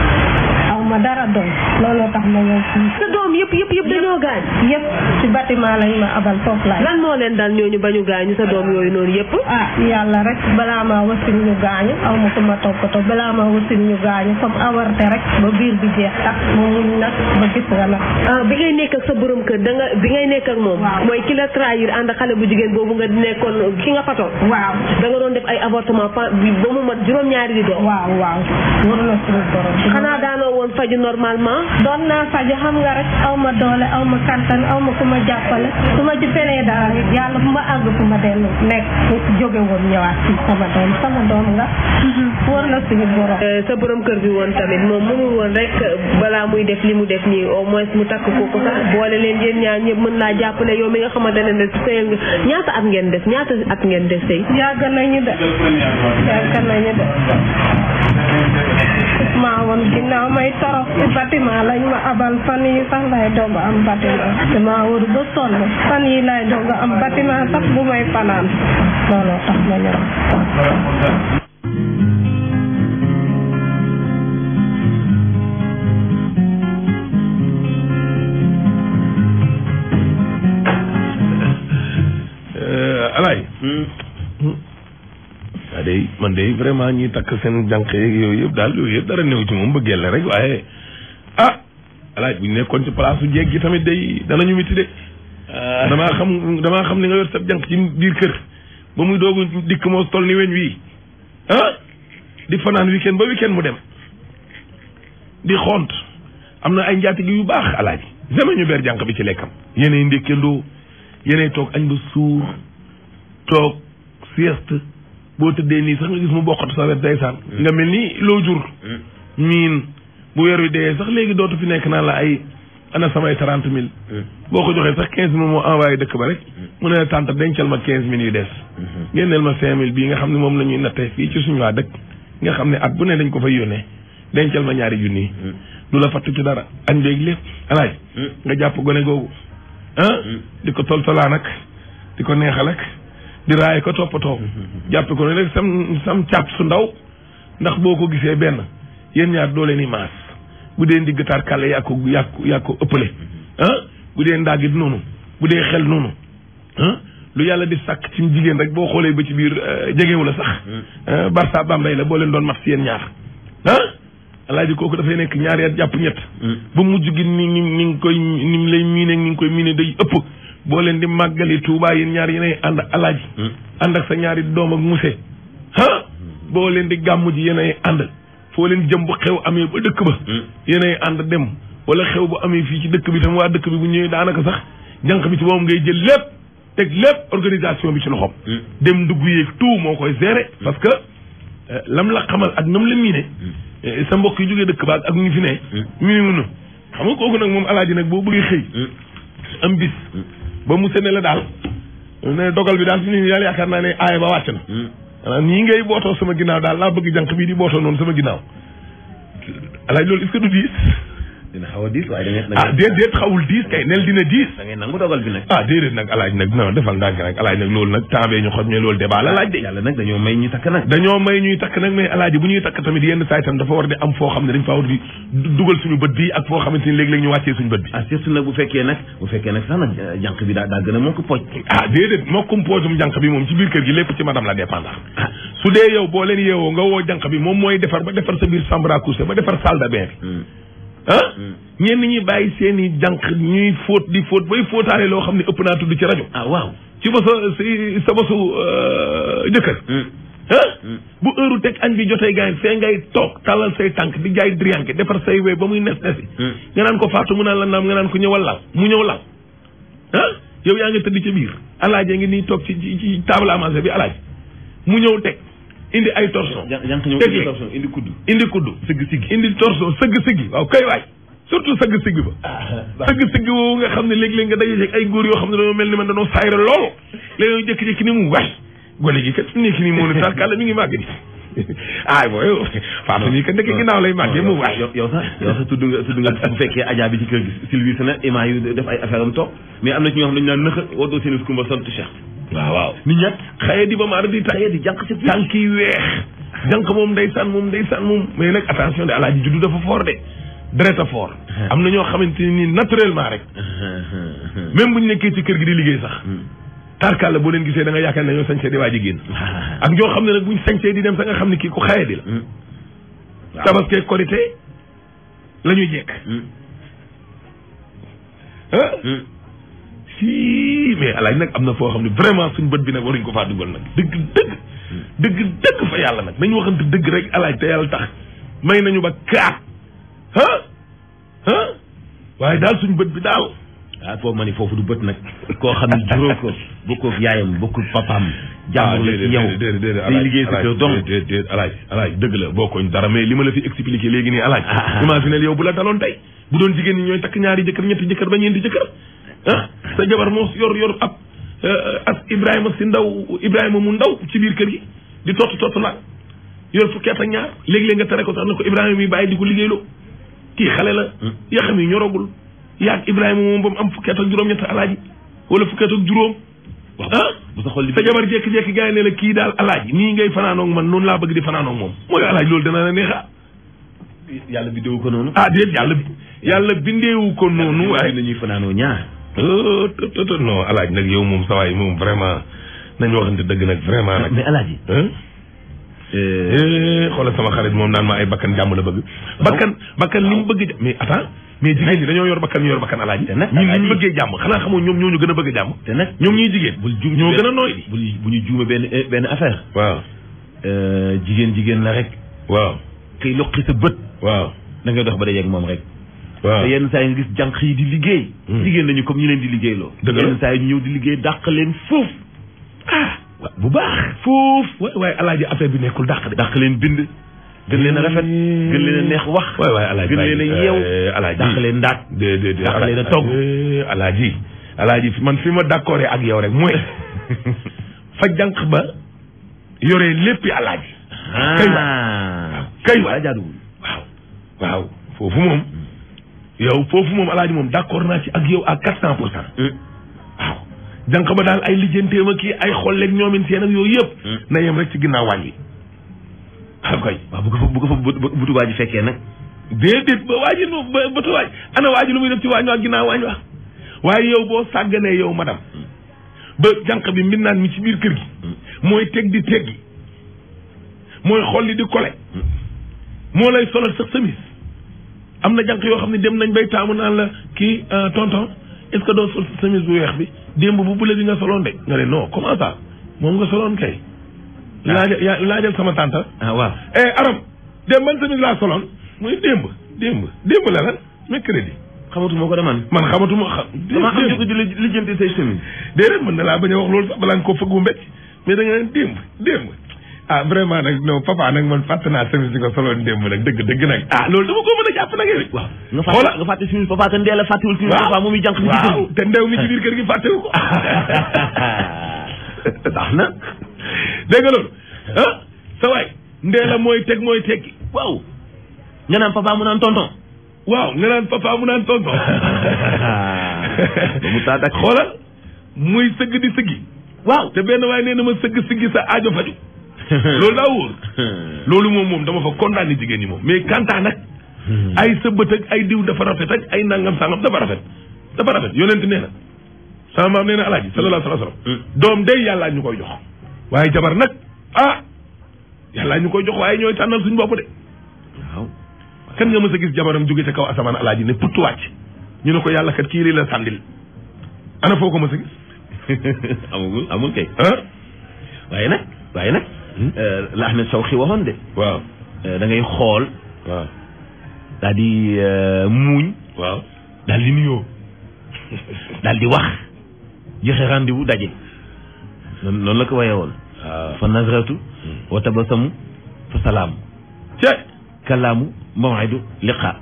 madara dara Lolo tak tax ma ñëw fii sa doom yëpp yëpp yëpp dañoo gaañ yëpp ci bâtiment lañ ma abal foofu laay lan moo leen dal ñooñu bañu gaañu sa dom yoy noonu yëpp ah yàlla rek bala maa wasin ñu gaañu aw ma ko ma toppatoo balaa maa wasin ñu gaañu comme awarte rek ba biir bi jeex tax mu muñ nag ba gis nga nag bi ngay nekk ak sa borom kër da nga bi ngay nekk ak moom mooy ki la trahir ànd xale bu jigéen boobu nga nekkoon ki nga fato waaw da nga doon def ay avortement ba mu mat juróom ñaari di doom waaw waaw war na suñu borom xanaa daanoo woon faju normalement doon naa faju xam nga rek aw ma doole aw ma kattan aw ma ku ma jàppale su ma ci fenee daal yàlla fu ma àgg fu dellu nekk jóge woon ñëwaat ci sama doom sama doom nga (laughs) war na suñu borom eh, sa borom kër bi woon tamit moom mënul woon rek balaa muy def li mu def nii au moins mu takk ko sax boole leen yéen ñaar ñëpp mën naa jàppale yow mi nga xamante ne ne sëyal nga ñaata at ngeen def ñaata at ngeen def sëy yàgg nañu de yàgg nañu de mawon kina may torox ci bâtiment lañ ma abal fan yi sax lay doog am bâtiment dama wër ba sonn fan yi lay doog am bâtiment sax bu may fanaan looloo man de vraiment ñi takk seen jànq yeeg yooyu yëpp daal yooyu yëpp dara néew ci moom bëggeel la rek waaye ah alaaj bu ñu nekkoon ci place su jeeg gi tamit day ñu miti de ah. damaa xam damaa xam ni nga yor sa jànq ci biir kër ba muy doogu dikk moo toll ni weñ wi ah di fanaan weekend ba weekend mu dem di xont am na ay njaatige yu baax alaaj jamais ñu ber jànq bi ci lekkam yéenay ndékkandoo yéenay toog añ ba suur toog boo tëddee nii sax nga gis mu bokkatu sa wet ndeysaan mm. nga mel ni loo jur mm. miin bu weer wi dee sax léegi dootu fi nekk naa la ay ana samay trente mille mm. boo ko joxee sax quinze mille moo envoyé dëkk ba rek mu ne la tante dencal ma quinze mille yu des mm-hmm. génneel ma cinq mille bii nga xam ne moom la ñuy nattee fii ci suñu waa dëkk nga xam ne at bu ne dañ ko fay yónnee dencal ma ñaari junni du la fatt ci dara añ beeg lépp alaaj nga jàpp gone googu ah di ko toltolaan ak di ko neexal ak di raay ko toppatoo (laughs) jàppe ko ne rek sam sam càpp su ndaw ndax boo ko gisee benn yéen ñaar doo leen i maas bu dee ndigg taar kàlle yaa ko yaa ko yaa ko ëppale ah bu dee ndaagit noonu bu dee xel noonu ah lu yàlla di sàkk ci jigéen rek boo xoolee ba ci biir euh, jegewu la sax mm-hmm. Barça Bambey la boo leen doon mat si yéen ñaar ah alaaji kooku dafay nekk ñaari at jàpp ñett mm. ba mujj gi nii ni ni ngi koy ni lay miine ni ngi koy miine day ëpp boo leen di màggali Touba yéen ñaar yéenay ànd alaaji hmm. ànd ak sa ñaari doom ak muse ah hmm. boo leen di gàmm ji yéenay ànd foo leen jëm bu xew amee ba dëkk ba hmm. yéenay ànd dem wala xew bu amee fii ci dëkk bi tam waa dëkk bi bu ñëwee daanaka sax jànq bi ci moom ngay jël lépp teg lépp organisation bi ci loxoom dem ndugg yi tout moo koy gérer parce que euh, lam la xamal ak nam la miine euh, sa mbokk yi jógee dëkk baag ak mu ñu fi ne mu ne mun xam nga kooku nag moom alaaji nag boo bëggee xëy ba mu sene la daal ne dogal bi daal fi nii daal yaakaar naa ne aaya ba wàcc na maanaam hmm. nii ngay bootoo sama ginnaaw daal laa bëgg jànq bii di bootoo noonu sama ginnaaw alaaj loolu est du diis dina a diis waaye dangay. ah déedéet xawul diis kay nel dina diis. bi nag. ah déedéet nag alaaj nag non defal ndànk nag alaaj nag loolu nag temps bee ñu xoj mais loolu débat la laaj de. yàlla nag dañoo may ñuy takk nag. dañoo may ñuy takk nag mais alaaji bu ñuy takk tamit yenn saa tam dafa war di am foo xam ne dañ faa war di dugal suñu bët bi ak foo xamante ni léeg-léeg ñu wàccee suñu bët bi. ah surtout nag bu fekkee nag bu fekkee nag sax nag euh, jànq bi daa daa gën a mokk pooj. ah déedéet mokkum bi moom ci biir kër gi lépp ci madame la dépendant ah, su dee yow bi moom mooy defar ba defar sa biir chambre à coucher ah ñenn ñi bàyyi seen i jànq ñuy fóot di fóot bay fóotaale loo xam ne ëpp naa tudd ci rajo ah waaw ci ba sa si sa basu euh, jëkkër ah bu heure teg añ bi jotee gars yi fee ngay toog tàllal say tànk di jaay driyanke defar say wey ba muy nes nesi nga naan ko faatu mu naan la naam nga naan ko ñëwal lal mu ñëw lal ah yow yaa ngi tëdd ci biir alaaj ngi nii toog ci ci table à bi alaaj mu ñëw teg indi ay torsion. jànq ñëw indi torsion indi kudd. indi kudd sëgg siggi indi torsion sëgg siggi waaw kay waay surtout sëgg siggi ba. Ah, sëgg siggi woowu nga xam ne léeg-léeg nga daje ak ay góor yoo xam ne dañoo mel ni man dañoo saayre lool léeg-léeg jékki-jékki ni mu waay gone gi kat fi mu nekk nii moo ne tarkalla mi ngi màgg di ah mooy Fatou mii kat dëkk ginnaaw lay màggee moom waaye. yow sax yow sax tudd nga tudd nga bu fekkee Adja bi ci kër gi Sylvie Sena imaam yu def ay affaire am mais am na ñoo xam dañu di ba maar di xëy di jànq si moom ndeysaan moom moom mais nag attention de alaaji de. dreta fort am na ñoo xamante ni naturellement rek. même bu ñu nekkee ci kër gi di liggéey sax. Hmm. tarkal la boo leen gisee da nga yaakaar ne ñoo di waa ji génn (laughs) ak ñoo xam ne nag buñ sañsee di dem sa nga xam ne kii ku xaye di la mm. tabaske korite la jekk mm. Mm. si mais alaaj nag am na foo xam ne vraiment suñ bët bi nag waruñ ko faa dugal nag dëgg dëgg dëgg dëgg fa yàlla nag nañ waxante dëgg rek alaaj te yàlla tax may nañu ba kaat waaye daal suñ bët bi daal ah foofu ma ni foofu du bët nag koo xam ne juróo ko bokkul yaayam bokkul papaam. jàmbur la ci ah, yow day liggéey sa kër donc déedéet alaaj alaaj dëgg la bokkoñ dara mais li ma la fi expliqué léegi nii alaaj ah, ah. imaginel yow bu la daloon tey bu doon jigéen ñi ñooy takk ñaari jëkkër ñetti jëkkër ba ñeenti jëkkër ah sa jabar moo yor yor ab eh, as Ibrahima si ndaw Ibrahima mu ndaw ci biir kër gi di tott tott la yor fukki at ak ñaar léegi-léeg nga tere ko sax na ko Ibrahima mi bàyyi di ko liggéeyloo kii xale la hmm. yoo xam ne ñoragul yaag ibrahim moom ba mu am fukki ak juróom-ñett alaaji wala fukki at ak juróom. wax ah? bu sa xol li sa jabar jékki-jékki gars yi ne la kii daal alaaji nii ngay fanaanoog man noonu laa bëgg di fanaanoog moom mooy alaaji loolu dana la neexa yàlla bindeewu ko noonu. ah déet yàlla yàlla bindeewu ko noonu. waaye nañuy fanaanoo ñaar. Oh, non alaaji nag yow moom sa waaye moom vraiment nañu waxante dëgg nag vraiment nag. mais alaaji. Ah? Euh, eh, xoolal sama xarit moom naan ma ay bakkan jàmm la mais jigéen ñi dañoo yor bakkan ñu yor bakkan alaaji te nag ñun ñu bëggee jàmm xanaa xamoo ñoom ñoo ñu gën a bëgg jàmm te nag ñoom ñuy jigéen bul juum ñoo gën a nooy bu ñu juume benn eh, benn affaire waaw euh, jigéen jigéen la rek waaw kay loqi sa bët waaw da ngay dox ba dajeeg moom rek waaw te yenn saa yi nga gis jànq yi di liggéey hmm. jigéen lañu comme ñu leen di liggéey loo yenn saa yi ñëw di liggéey dàq leen foof ah bu baax foof waaye alaaji affaire bi nekkul dàq de dàq leen bind gën leen a rafet gën leen neex wax. waay waay alaaji gën leen a yeew. Euh, alaaji dàq leen ndaat. togg. Euh, alaaji alaaji man fi ma d'accord ak yow rek mooy (laughs) fa jànq ba yore léppi alaaji. Ah. kay waaw kay waaw waaw foofu moom. yow foofu moom alaaji moom d'accord naa ci ak yow à quatre cent pour cent. Mm. waaw jànq ba daal ay lijjanteem ak kii ay xolleeg ñoomin seen ak yooyu yëpp. Mm. na yem rek ci ginnaaw wàññi. xam koy waaw bu ko fa bu ko fa butu waa ji fekkee nag déedéet waa ji def ci waañ waa ginnaaw waañ waaye yow boo sàgganee yow madam jànq bi mbir naan ci biir kër mooy teg mooy xol li di kole moo lay solal am na jànq yoo xam ne dem nañ bay taamu naan la kii euh, tonton est-ce que doo bu weex bi démb bu bu la bi nga soloon de nga ne non comment moom nga soloon kay laa laa jël sama tante. ah waaw eh Aram. démb man tamit laa soloon muy démb démb démb la lan mercredi. xamatuma ko de man. man xamatuma xa. dama am njëkk di lijjanti say chemise. déedéet mën na laa bañ a wax loolu sax balaa nga koo fëgg mu mbécc mais da nga naan démb démb. ah vraiment nag non papa nag man fàtte naa chemise bi ko soloon démb nag dëgg dëgg nag. ah loolu dama ko mën a jàpp nag yow. waaw nga fàtte nga fàtte chemise papa te ndee la fàttewul chemise papa moom i jànq. waaw te ndew mi ci biir kër gi fàttewu ko. tax (laughs) (laughs) na. dégg nga loolu ah sa ndee la mooy teg mooy tekki waaw nga naan papa mu naan tonton waaw nga naan papa mu naan tonton (laughs) mu taata xoolal muy sëgg di sëggi waaw te benn waaye nee na ma sëgg siggi sa aajo faju (laughs) loolu daa wóor (laughs) loolu moom moom dama fa condamné jigéen ñi moom mais kantaa nag hmm. ay sëbbat ak ay diw dafa rafet ak ay nangam sangam dafa rafet dafa rafet yonent nee na sama maam nee na alaaji sallallahu alayhi wa sallam hmm. doom day yàlla ñu koy jox waaye jabar nag ah yàlla ñu koy jox waaye ñooy tànnal suñu bopp de waaw kan nga mës a gis jabaram jóge ca kaw asamaan alaaj ne putt wàcc ñu ne ko yàlla kat kii lii la sàndil ana foo ko mës a gis (laughs) amul kay waaye nag waaye nag hmm? euh, la Ahmed Sow xi waxoon de waaw euh, da xool waaw daal di euh, muuñ waaw daal di nuyoo (laughs) daal di wax joxe rendez-vous daje noonu la ko waye woon fa nazratu wa tabasamu fa salaamu ce kalaamu maw'idu liqaa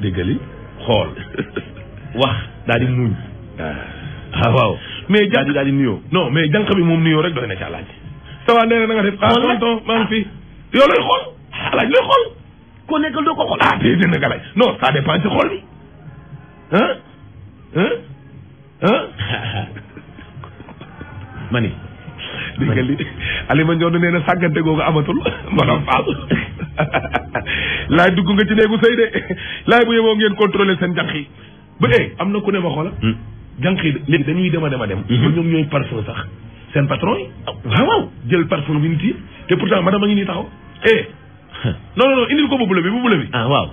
déggali xool wax daal muuñ ah. ah waaw mais jànq daal di nuyoo non bi moom nuyoo rek doy na ci alaaj ça va nee na nga def ah tonton maa ngi fi yow looy xool alaaj looy xool ko nekkal doo ko xool ah déedéet nag alaaj non ça dépend xool bi ah ah ah ma digal li alima njoon nee na sàggante googu amatul maanaam faal laay dugg nga ci neegu sey de lay bu yeboo ngeen contrôler seen jànq yi ba eh am na ku ne ma xoola hmm. jànq yi léegi dañuy dem a dem hmm. ba ñoom ñooy parfum sax seen patron yi waaw ah, waaw jël parfum bi nitii te pourtant madame a ngi nii taxaw eh (laughs) non non non indil ko bu bula bi bu bula bi ah waaw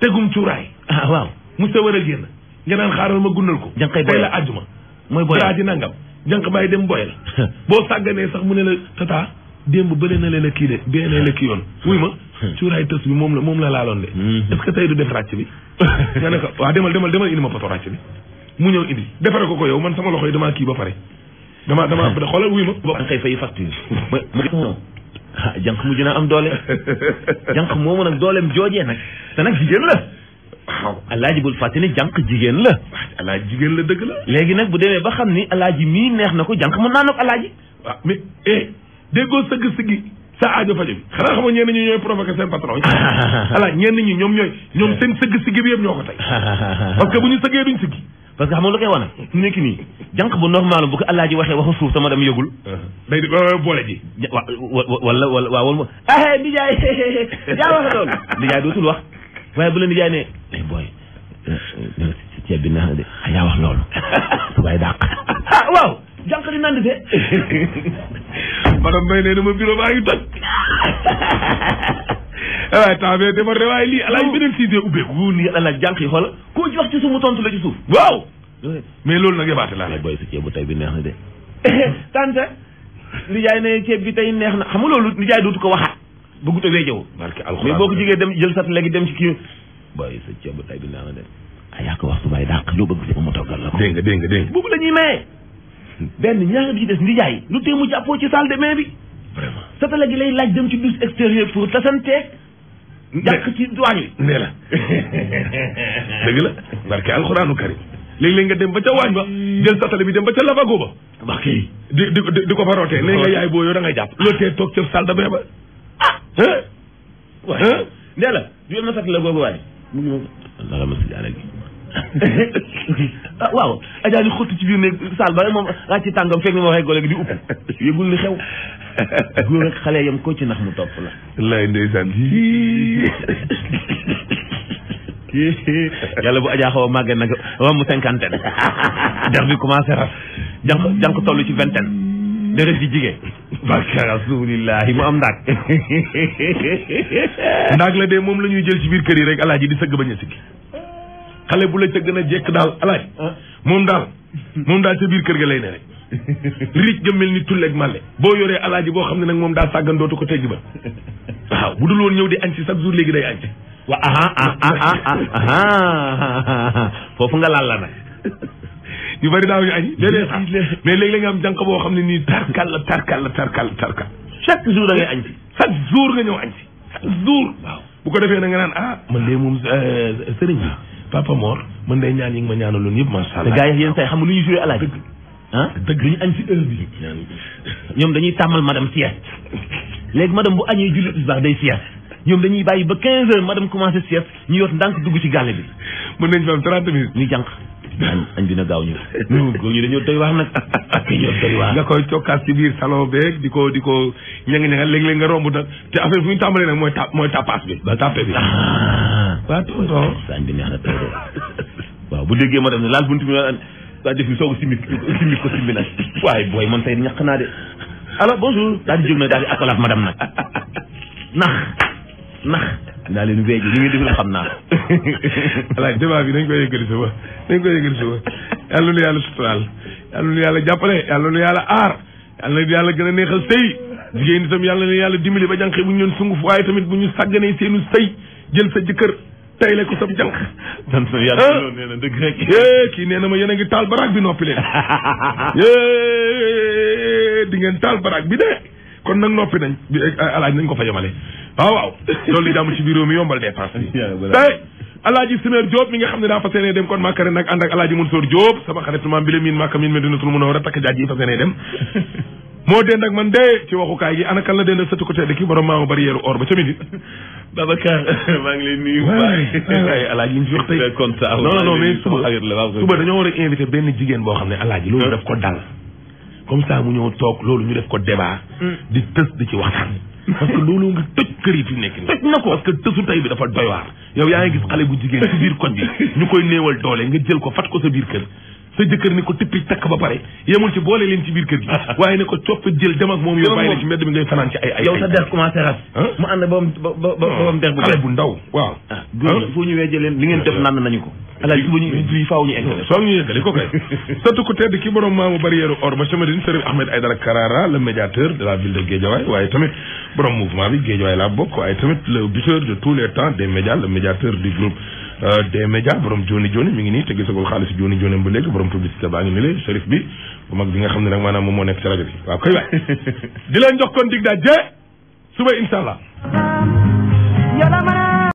tegum cuuraay ah waaw mu sa war a génn nga naan xaaral ma gunnal ko tey la àjjuma mooy boy di nangam janq bàyyi dem boyal (laughs) boo sàgganee sax mu ne la tata démb bële na leen a kii de bee na la kii yoon wuy ma (laughs) cuuraay tës bi moom la moom la laaloon de mhm. est-ce que tey du def ràcc bi (laughs) nga ne ko waaw demal demal demal indi ma poto ràcc bi mu ñëw indi defare ko ko yow man sama loxo yi damaa kii ba pare damaa damaa xoolal wuy ma ba kay fay facture ah jànq mujj na am doole moo moomu ak dooleem joojee nag te nag jigéen la waaw alaaji bul fàttali jànq jigéen la alaaji jigéen la dëgg la léegi nag bu demee ba xam ni alaaji mii neex na ko jànq mën naa nag alaaji waaw mais eh déggoo sëgg sëggi sa aajo fajo bi xanaa xamoo ñenn ñi ñooy provoqué seen patron (laughs) alaaji ñenn ñi ñoom ñooy ñoom seen sëgg sëggi bi yëpp ñoo ko tey (laughs) parce que bu ñu sëggee duñ sëggi parce que xam nga lu koy wane nekk nii jànq bu normal bu ko alaaji waxee waxu suuf sama dem yëgul uh-huh. day uh, boole ji wa wala wala waaw wala ah nijaay (laughs) yaa wax loolu nijaay dootul wax waaye bu la nijaay ne ay eh booy eh, eh, ceeb bi neex na de ah, yaa wax loolu waaye (laughs) dàq ah, waaw jànq di nand de (laughs) madame may nee na ma bureau baa ngi toj waaye taabee dama de waaye lii alaaj oh. beneen siisee ubbeeku wuu nii alaaj jànq yi xoolal koo ci wax ci suuf mu tontu la ci suuf waaw mais loolu nag yabaate laa lay booy sa ceeb bu tey bi neex na de (laughs) tante nijaay ne ceeb bi tey neex na xam nga loolu nijaay dootu ko waxaat bëggut a weejawu mais boo ko jigee dem jël sat léegi dem ci kii bàyyi sa ceeb tay bi naa nga def a ah, yaa ko wax loo bëgg sama ma toggal la ko dégg nga dégg nga dégg boobu la ñuy maye (laughs) benn ñaar bi lu tee mu jàppoo ci salle de bain bi vraiment dem ci douche extérieure pour tasanteeg jàq ci waañ wi nee la (laughs) dëgg la barke alxuraanu karim léeg-léeg nga dem ba ca waañ ba jël satala bi dem ba ca lafago ba barke di di di ko fa rootee léegi nga yaay boo yoo da jàpp loolu tee toog ca salle de bain waaw ndee la ju ma (laughs) waaw ajaa di ci biir néeg saal ba moom ràcc ci tàngam fekk ni ma waxee gole gi di upp (laughs) yëgul li xew (laughs) góor ak ko ci nax mu topp la wallaay ndeysaan yàlla bu ajaa xaw a màggee nag romb cinquantaine jax bi commencé ra jànq jànq toll ci vingtaine deret di jigéen barka rasulillahi mu am ndaag (laughs) ndaag la de moom la ñuy jël ci biir kër yi rek alaaji di sëgg bañ a sikki xale bu la ca gën a jekk daal alaaj ah. moom daal moom daal ca biir kër gi lay ne rek riic ga mel ni tulleeg màlle boo yoree alaaji boo xam ne nag moom daa sàggan dootu ko tegg ba waaw bu dul woon ñëw di añ si chaque jour léegi day añ si foofu nga laal la nag (laughs) yu bëri daaw ñu añ déedéet sax ah. mais léegi-léeg nga am jànq boo xam ne nii tarkal la tarkal la tarkal la tarkal chaque jour da ngay añ si chaque jour nga ñëw añ si chaque jour waaw bu ko defee na nga naan ah man de moom euh, sëriñ bi ah. papa Mor man day ñaan yi nga ma ñaanaloon yëpp macha allah. te gars yi yéen say xam nga lu ñu joué alaaj ah dëgg dañu añ si heure bi ñoom dañuy tàmmal madame sieste léegi madame bu añee jullit bi baax day sieste ñoom dañuy bàyyi ba 15 heures madame commencé sieste ñu yot ndànk dugg ci gàlle bi mën nañ fa am 30 minutes ñu jànq añ añ na gaaw ñu (laughs) ñu góor ñi dañoo doy wax nag ak (laughs) ñoo doy waa nga koy cokkaas ci biir saloo beeg di ko di ko ñangi ñanga léeg-léeg nga romb nag te affaire fu ñu tàmbalee nag mooy tap mooy tapas bi ba tàppe bi ah. waa tonton saañ bi neex na tey waaw bu déggee ma def ne laal buntu bi daa def ni soog simbi simbi ko simbi nag waaye booy man tey ñàkk naa de alors bonjour daal di jóg nag daal di akolaat madame nag nax nax naa leen weeju ñu ngi déglu xam naa ko. (laughs) voilà débat bi dañ koy yëkkati suba dañ koy yëkkati suba yàlla nu yàlla suturaal yàlla nu yàlla jàppale yàlla nu yàlla aar yàlla nu yàlla gën a neexal sëy jigéen itam yàlla yàlla dimbali ba jànqee bu waaye tamit bu ñu sàgganee seenu sëy jël sa jëkkër tey la ko sam jànq. sant (laughs) yàlla loolu ah! nee dëgg rek. kii nee na ma yéen a ngi taal baraag bi noppi leen. (laughs) di ngeen taal baraag bi de kon nag noppi nañ bi eh, alaaj nañ ko fa yemale waaw waaw loolu li daamu ci biir réew mi yombal dépense bi (laughs) tey alaaji Sineer Diop mi nga xam ne daa fas yéene dem kon Makare nag ànd ak alaaji Mansour Diop sama xarit ma mbile miin Maka miin Medinatul Munawwara takk jaaj yi fas yéene dem (laughs) moo dend ak man de ci waxukaay gi ana kan la dend sëtu côté dëkk borom maamu bari yeeru or ba ca midi. (laughs) Babacar maa ngi ñu fi wax tey non non non mais suba suba dañoo war a invité benn jigéen boo xam ne alaaji loolu daf ko dal comme ça mu ñëw toog loolu ñu def ko débat. Hmm. di tës di parce que loolu nga tëj kër yi fi nekk nii. tëj na ko parce que tësu tay bi dafa doy waar. yow yaa ngi gis xale bu jigéen ci biir ko bi ñu koy newal doole nga jël ko fat ko sa biir kër. sa jëkkër ni ko tippi takk ba pare yemul ci boole leen ci biir kër gi (laughs) waaye ne ko copp jël dem ak moom yow bàyyi ci mbedd mi fanaan ci yow sa dex commencé ras mu ànd ba ba dex bu xale bu ndaw waaw góor ah, foo ñu wejje leen li ngeen def naan nañu ko alaaj buñu faaw ñu eggale (laughs) soo ñu yeggali ko kay surtout (laughs) ku tedd ki borom maamu barrière or ba Chamadine Serigne Ahmed Aïdara Karara le médiateur de la ville de Guédiawaye waaye tamit borom mouvement bi Guédiawaye laa bokk waaye tamit le buteur de tous les temps des médias le médiateur Euh, des médias borom joni joni mi ngi nii te gisagul xaalis joni joni ba léegi borom publicité baa ngi ni le Chérif bi bu mag bi nga xam ne nag maanaam moom moo nekk ci rajo bi waaw koy waay (laughs) di leen jox kon dig daal jee suba incha allah